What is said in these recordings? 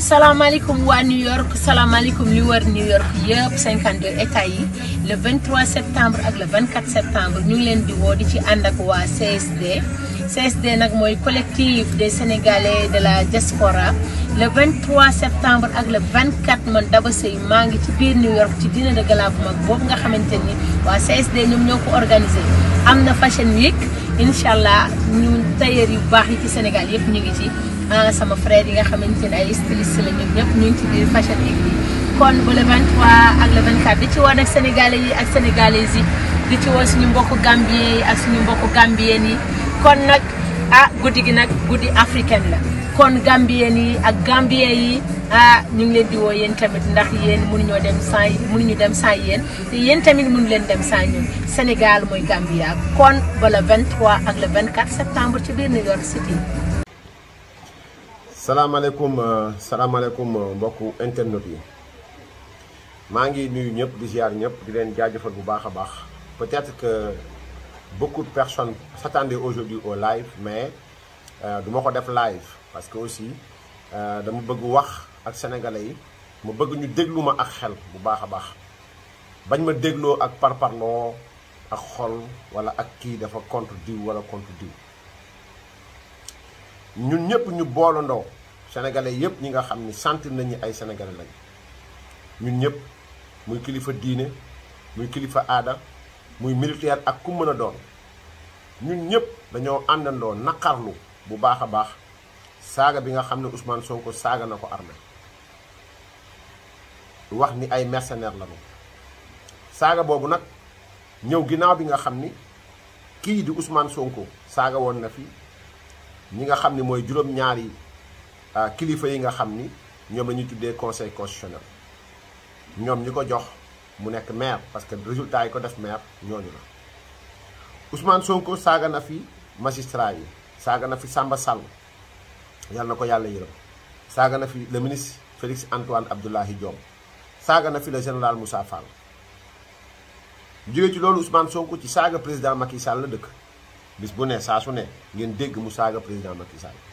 salaamaaleykum waa New York salaamaaleykum li war New York yëpp 52 états yi le 23 septembre ak le 24 septembre ñu ngi leen di woo di ci ànd ak waa CSD CSD nag mooy collectif de sénégalais de la diaspora le 23 septembre ak le 24 man Daba Seye maa ngi ci biir New York ci dîner de gala bu mag boobu nga xamante ni waa CSD ñoom ñoo ko organisé am na fashion week incha allah ñu tailleur yu baax yi ci Sénégal yëpp ñu ngi ci. sama frère yi nga xamante ne ay styliste la ñun ñëpp ñu ngi ci biir fashion week bi kon ba le 23 ak le 24 di ci woon ak sénégalais yi ak sénégalaises yi di ci woon suñu mbokku gambien yi ak suñu mbokku gambien yi kon nag ah guddi gi nag guddi africaine la kon gambien yi ak gambien yi ah ñu ngi leen di woo yéen tamit ndax yéen mënuñoo dem sans ñu dem sans yéen te yéen tamit mënu leen dem sans ñun Sénégal gambie Gambia kon ba le 23 ak le 24 septembre ci biir New York salaamaaleykum alaikum, euh, euh, mbokku alaikum, beaucoup maa ngi nuyu ñëpp di ziar ñëpp di leen jaajëfal bu baax peut-être que beaucoup de personnes s'attendaient aujourd'hui au live mais euh, de mon ko def live parce que aussi dama bëgg wax ak sénégalais yi ma bëgg ñu déglu ma ak xel bu baax me baax bañ ma par ak parparloo ak xol wala ak kii dafa contre diw wala contre diw ñun ñëpp ñu boolandoo sénégalais yépp ñi nga xamni sentir nañ ni ay sénégalais lañ ñun ñëpp muy kilifa diiné muy kilifa aada muy militaire ak ku mëna doon ñun ñëpp dañoo àndandoo nakarlu bu baax a baax saaga bi nga xam ne Ousmane Sonko saaga na ko wax ni ay mercenaire lañu ñu saaga boobu nag ñëw ginnaaw bi nga xam ni kii di Ousmane Sonko saaga woon na fi ñi nga xam ni mooy ñaari Euh, kilifa yi nga xamni ñom lañu tuddé conseil constitutionnel ñom ñi jox mu nek maire parce que résultat yi ko def maire ñooñu la Ousmane Sonko saga na fi magistrat yi saga na fi Samba Sall yalla nako yalla yàlla saga na fi le ministre Félix Antoine Abdoulaye Diom saga na fi le général Moussa Fall jige ci loolu Ousmane Sonko ci saga président Macky Sall la dëkk bis bu ne sa su ne ngeen dégg mu saga président Macky Sall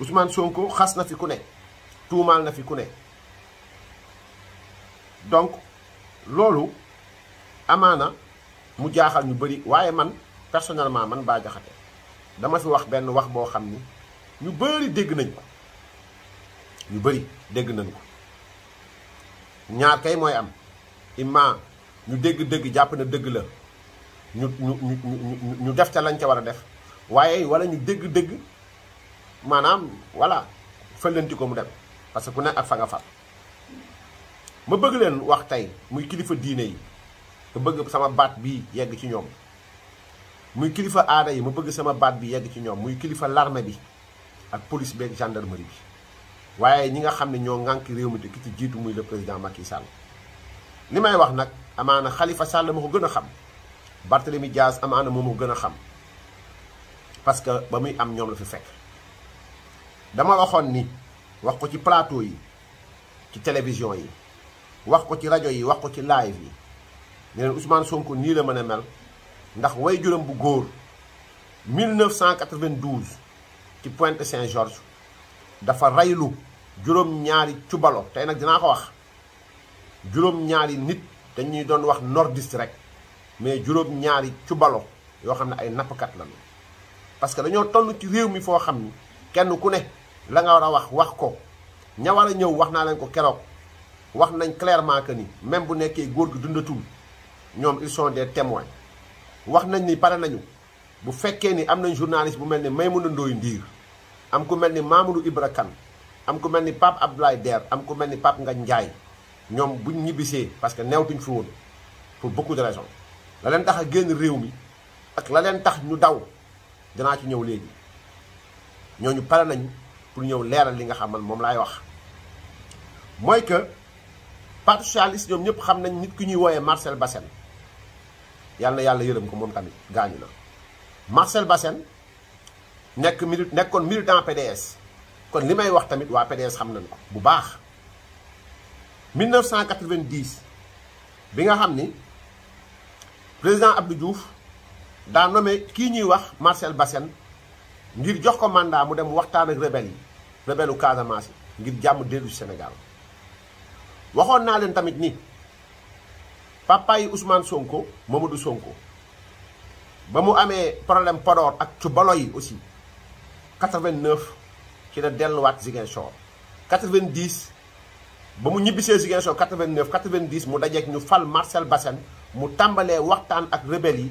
Ousmane Sonko xas na fi ku ne tuumaal na fi ku ne donc loolu amaana mu jaaxal ñu bëri waaye man personnellement man Bah Diakhaté dama fi wax benn wax boo xam ni ñu bëri dégg nañ ko ñu bëri dégg nañ ko ñaar kay mooy am imma ñu dégg-dégg jàpp na dégg la ñu ñu ñu ñu def ca lañ ca war a def waaye wala ñu dégg-dégg manam voilà feulenti ko mu dem parce que ku ne ak fa nga fa ma bëgg leen wax tay muy kilifa diine yi ma bëgg sama baat bi yegg ci ñoom muy kilifa aada yi ma bëgg sama baat bi yegg ci ñoom muy kilifa l'armée bi ak police ak gendarmerie bi waaye ñi nga xam ne ñoo ŋànk réew mi ki ci jiitu muy le président Macky Sall li may wax nag amaana Khalifa Sall ma ko gën a xam Barthélemy Diaz amaana moom ma xam parce que ba am ñoom la fi fekk dama waxoon ni wax ko ci plateau yi ci télévision yi wax ko ci rajo yi wax ko ci live yi ne leen Ousmane Sonko nii la mën a mel ndax woy juram bu góor 1992 ci Pointe Saint-Georges dafa raylu juróom-ñaari cubalo tey nag dinaa ko wax juróom-ñaari nit dañuy doon wax nordiste rek mais juróom-ñaari cubalo yoo xam ne ay nappkat lañu parce que dañoo toll ci réew mi foo xam ni kenn ku ne la nga war a wax wax ko ña a ñëw wax naa leen ko keroog wax nañ clairement que ni même bu nekkee góor gi dundatul ñoom il sont des témoins wax nañ ni pare nañu bu fekkee ni am nañ journaliste bu mel ni may Maimouna Ndoye Ndir am ku mel ni Mamadou Ibra kan am ku mel ni Pape Abdoulaye Der am ku mel ni Pape nga Ndiaye ñoom buñ ñibbisee parce que neewtuñ fi woon pour beaucoup de raisons la leen tax a génn réew mi ak la leen tax ñu daw danaa ci ñëw léegi ñooñu pare nañu pour ñëw leeral li nga xam mom lay wax moy que parti socialiste ñoom ñëpp xam nañ nit ki ñuy woyé Marcel Bassène yalla yalla yàlla ko moom tamit gañu na Marcel Bassène nekk mili nekkoon militant PDS kon limay wax tamit wa PDS xam nañ ko bu baax 1990 bi nga xam ni président Abdou Diouf da nommé ki ñuy wax Marcel Bassène ngir jox ko mandat mu dem waxtaan ak rebelle yi rebellu Casamance yi ngir jàmm dellu senegal waxoon naa leen tamit ni papa yi Ousmane Sonko Mamadou Sonko ba mu amee problème Podor ak ci balo yi aussi 89 ci la delluwaat Ziguinchor 90 ba mu ñibbisee Ziguinchor 89 mu dajeek ñu fal Marcel Bassène mu tàmbalee waxtaan ak rebelle yi.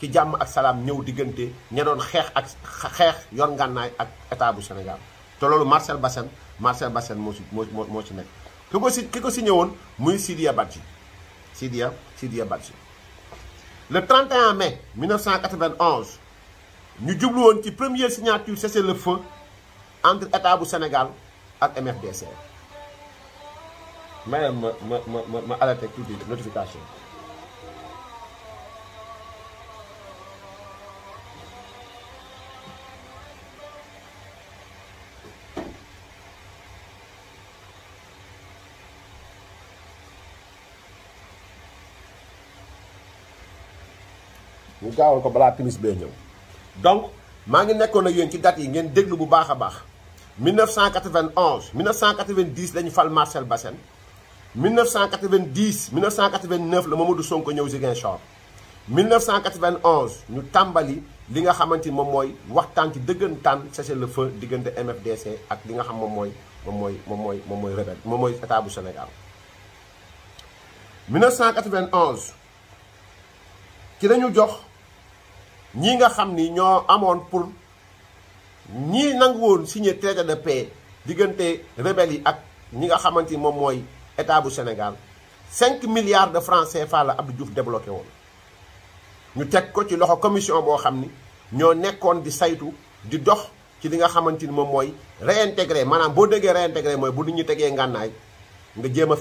qui jàmm ak salam ñëw diggante ña doon xeex ak xex yor ngànnaay ak état du Sénégal C'est lolu Marcel Bassène Marcel Bassène mo dit. mo ci nek kiko si ki ko signé c'est muy Badji le 31 mai 1991 ñu jublu won ci première signature cessez-le-feu entre état du Sénégal ak MFDC. mayam ma ma ma ma alerté toute notification. ñu gaawal ko balaa timis bee ñëw donc maa ngi nekkoon ak yéen ci date yi ngeen déglu bu baax baax 1991 1990 lañu fal Marcel Bassène 1990 1989 le Mamadou Sonko ñëw Ziguinchor 1991 ñu tàmbali li nga xamante ni moom mooy waxtaan ci tan cessez le feu diggante MFDC ak li nga xam moom mooy moom mooy moom mooy rebelle moom mooy état bu Sénégal 1991 ki dañu jox. ñi nga xam ni ñoo amoon pour ñi nangu woon signé traité de paix diggante rebelle yi ak ñi nga xamante moom mooy état bu Sénégal 5 milliards de francs CFA la Abdou Diouf débloqué woon ñu teg ko ci loxo commission boo xam ni ñoo nekkoon di saytu di dox ci li nga xamante ni moom mooy réintégré maanaam boo déggee réintégré mooy bu nit ñi tegee ngànnaay nga jéem a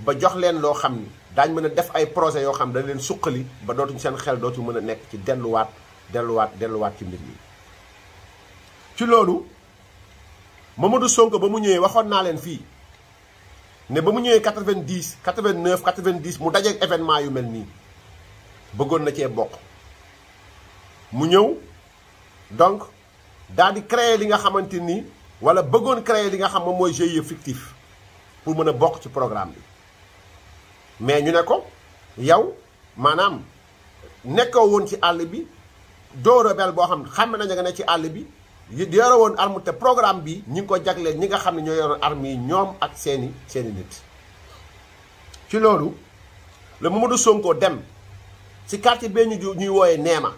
ba jox leen loo xam ni daañ mën a def ay projet yoo xam dañ leen suqali ba dootuñ seen xel dootu mën a nekk ci delluwaat delluwaat delluwaat ci mbir mi. ci loolu Mamadou Sonko ba mu ñëwee waxoon naa leen fii ne ba mu ñëwee 90 89 90 mu dajeeg événement yu mel nii bëggoon na cee bokk mu ñëw donc daal di créer li nga xamante ni wala bëggoon créer li nga xam moom mooy GIE fictif pour mën a bokk ci programme bi. mais ñu ne ko yow maanaam nekkoo woon ci àll bi doo rebelle boo xam ne xam nañu nga ne ci àll bi yore woon arme te programme bi ñi ngi ko jagleel ñi nga xam ne ñoo yoroon arme yi ñoom ak seeni seeni nit. ci loolu la Mamadou sonkoo dem ci quartier bee ñu ñuy wooyee Neema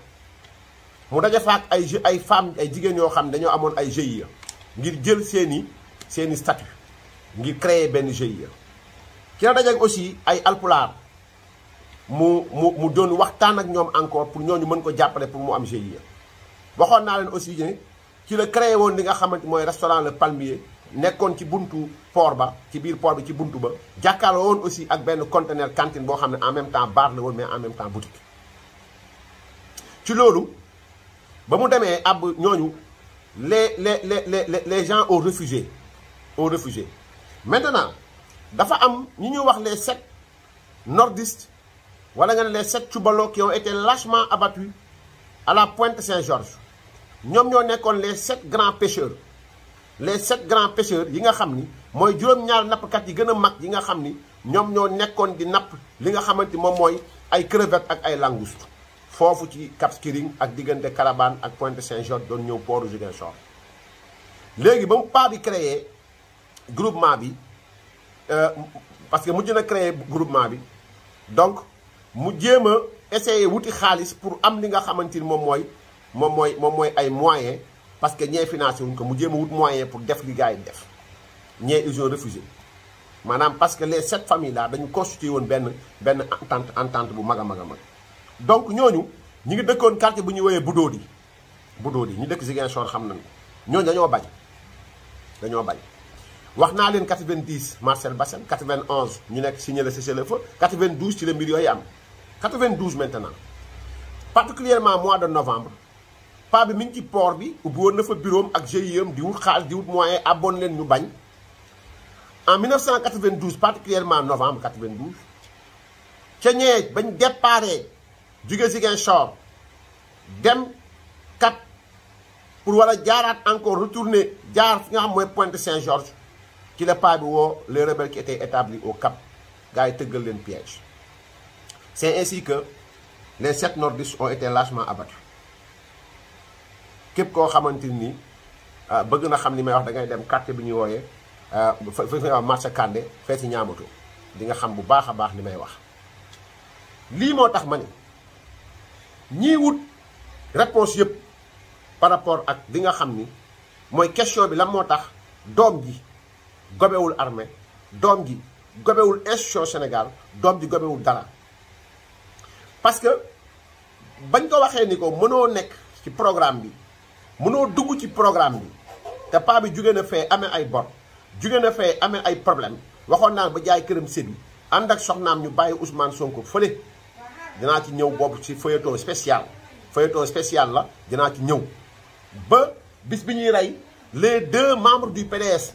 mu daje fa ak ay je ay femmes ay jigéen yoo xam ne dañoo amoon ay GIE ngir jël seeni seeni statut ngir créer benn GIE. ci la aussi ay alpulaar mu mu mu don waxtan ak ñom encore pour ñooñu mën ko jappalé pour mu am GIE waxon na len aussi ne ci le créé won li nga xamanté moy restaurant Le Palmier nekkoon ci buntu port ba ci biir port bi ci buntu ba jakkal won aussi ak ben conteneur cantine bo xamné en même temps bar la won mais en même temps boutique ci lolu ba mu démé ab ñooñu les les les les les gens ont refusé ont refusé maintenant dafa am ñi ñu wax les sept nordistes wala nga les sept tchoubalos qui ont été lâchement abattus à la pointe Saint-Georges ñom ñoo nekkoon les sept grands pêcheurs les sept grands pêcheurs yi nga xamni moy juroom juróom nap kat yi gëna mag yi nga xamni ñom ñoo nekkoon di nap li nga xamante mom moy ay crevettes ak ay langoustes fofu ci Cap Skirring ak diggante Carabane ak pointe Saint-Georges doon ñeu pooru Ziguinchor léegi légui bam pa di créer groupement bi. Euh, parce que mujj na créer groupement bi donc mu jéem essayer wouti khalis pour am li nga xamanteni mom moy mom moy mom moy ay moyens parce que ñe financé wuñ ko mu jéem a wut pour def li gaay def ñe ils ont refusé manam parce que les sept familles là dañu constituer won ben ben entente entente bu maga maga mag donc ñoñu ñi ngi dëkkoon quartier bu ñuy woowee Budodi Budodi ñu dëkk Ziguinchor xam nañu ñooñu dañoo bañ dañoo bañ wax len 90 Marcel Bassem 91 ñu nek signé le cessez 92 ci le Milieu YAM. 92 maintenant particulièrement mois de novembre pa bi ci port bi ubbi fa bureau ak GIE di moyen abonné ñu bañ en 1992 particulièrement novembre 92 ca ñee bañ déparé du Ziguinchor dem kat pour wala a encore retourner jaar fi nga Pointe Saint-Georges qu'il la pas bi les rebelles qui étaient établis au Cap gars yi tëggal piège c'est ainsi que les sept nordistes ont été lâchement abattus képp koo xamante ni euh, bëgg na xam li may wax da dem quartier bi ñu wooyee euh, fa fa marché Kandé fee si ñaamato di nga xam bu baax a baax li may wax lii moo tax ma ni wut réponse par rapport ak Dinga nga xam ni mooy question bi lan moo tax Gobeul Armé, Dombi, Gobeul Sénégal dom dara parce que bagn ko ni ko mëno ci programme bi mëno dugg ci programme bi té pa bi un na fé amé ay bor problème, na fé fait ay problème na ba jaay and ak soxnam ñu Ousmane Sonko ci feuilleton spécial feuilleton spécial la ci ba bis les deux membres du PDS.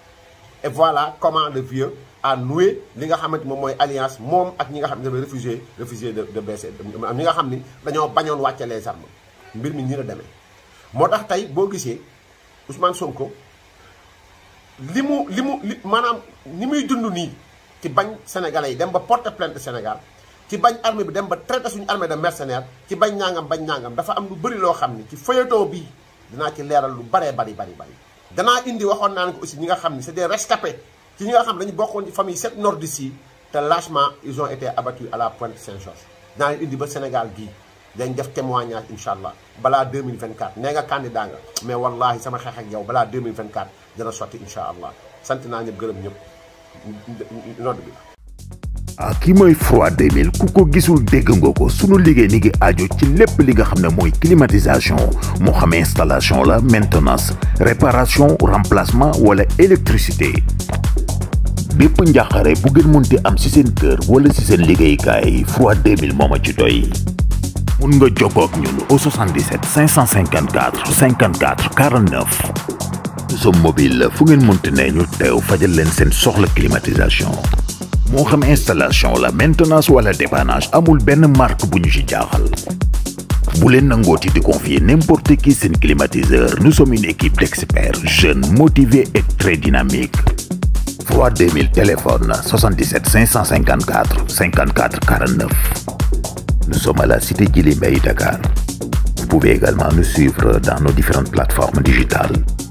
et voilà comment le vieux a noué li nga xamante alliance moom ak ñi nga xamné ne dafay réfugié réfugié de de am ñi nga xam ni dañoo bañoon wàcce les armes mbir mi nii la demee. moo tax tey boo Ousmane Sonko limu limu manam ni muy dund nii ci bañ Sénégalais dem ba porte plainte Sénégal ci bañ armée bi dem ba traité suñu armée de mercenaires ci bañ ñangam bañ ñangam dafa am lu bëri lo xam ci feuilleton bi dina ci léral lu bari bari bari bari danaa indi waxon nan ko aussi ñi nga xam c'est des rescapés ci ñi nga xam dañu bokkoon ci famille sept nord yi te lâchement ils ont été abattus à la pointe Saint-Georges dinaa indi ba Sénégal gi dañ def témoignage inshallah allah 2024 nee nga candidat nga mais wallahi sama xex ak yow balaa 2024 dara sotti inshallah sant na ñëpp gërëm ñëpp nodd bi ah kii mooy froid 2000 ku ko gisul dégg nga ko sunu liggéey mi ajo ci lépp li nga xam ne mooy climatisation moo xam installation la maintenance réparation remplacement wala électricité bépp njàqare bu ngeen munti am si seen kër wala si seen liggéeykaay froid 2000 moom ma ci doy. mun nga jokkoo ak ñun au 77 554 54 49. Somme mobile fu ngeen munti ne ñu teew fajal leen seen soxla climatisation. moo xam installation la maintenance wala dépannage amul benn marque bu ñu ci jaaxal bu leen confier n'importe qui seen climatiseur nous sommes une équipe d'experts jeunes motivés et très dynamique 3 2000 téléphone 77 554 54 49 nous sommes à la cité Djily Dakar vous pouvez également nous suivre dans nos différentes plateformes digitales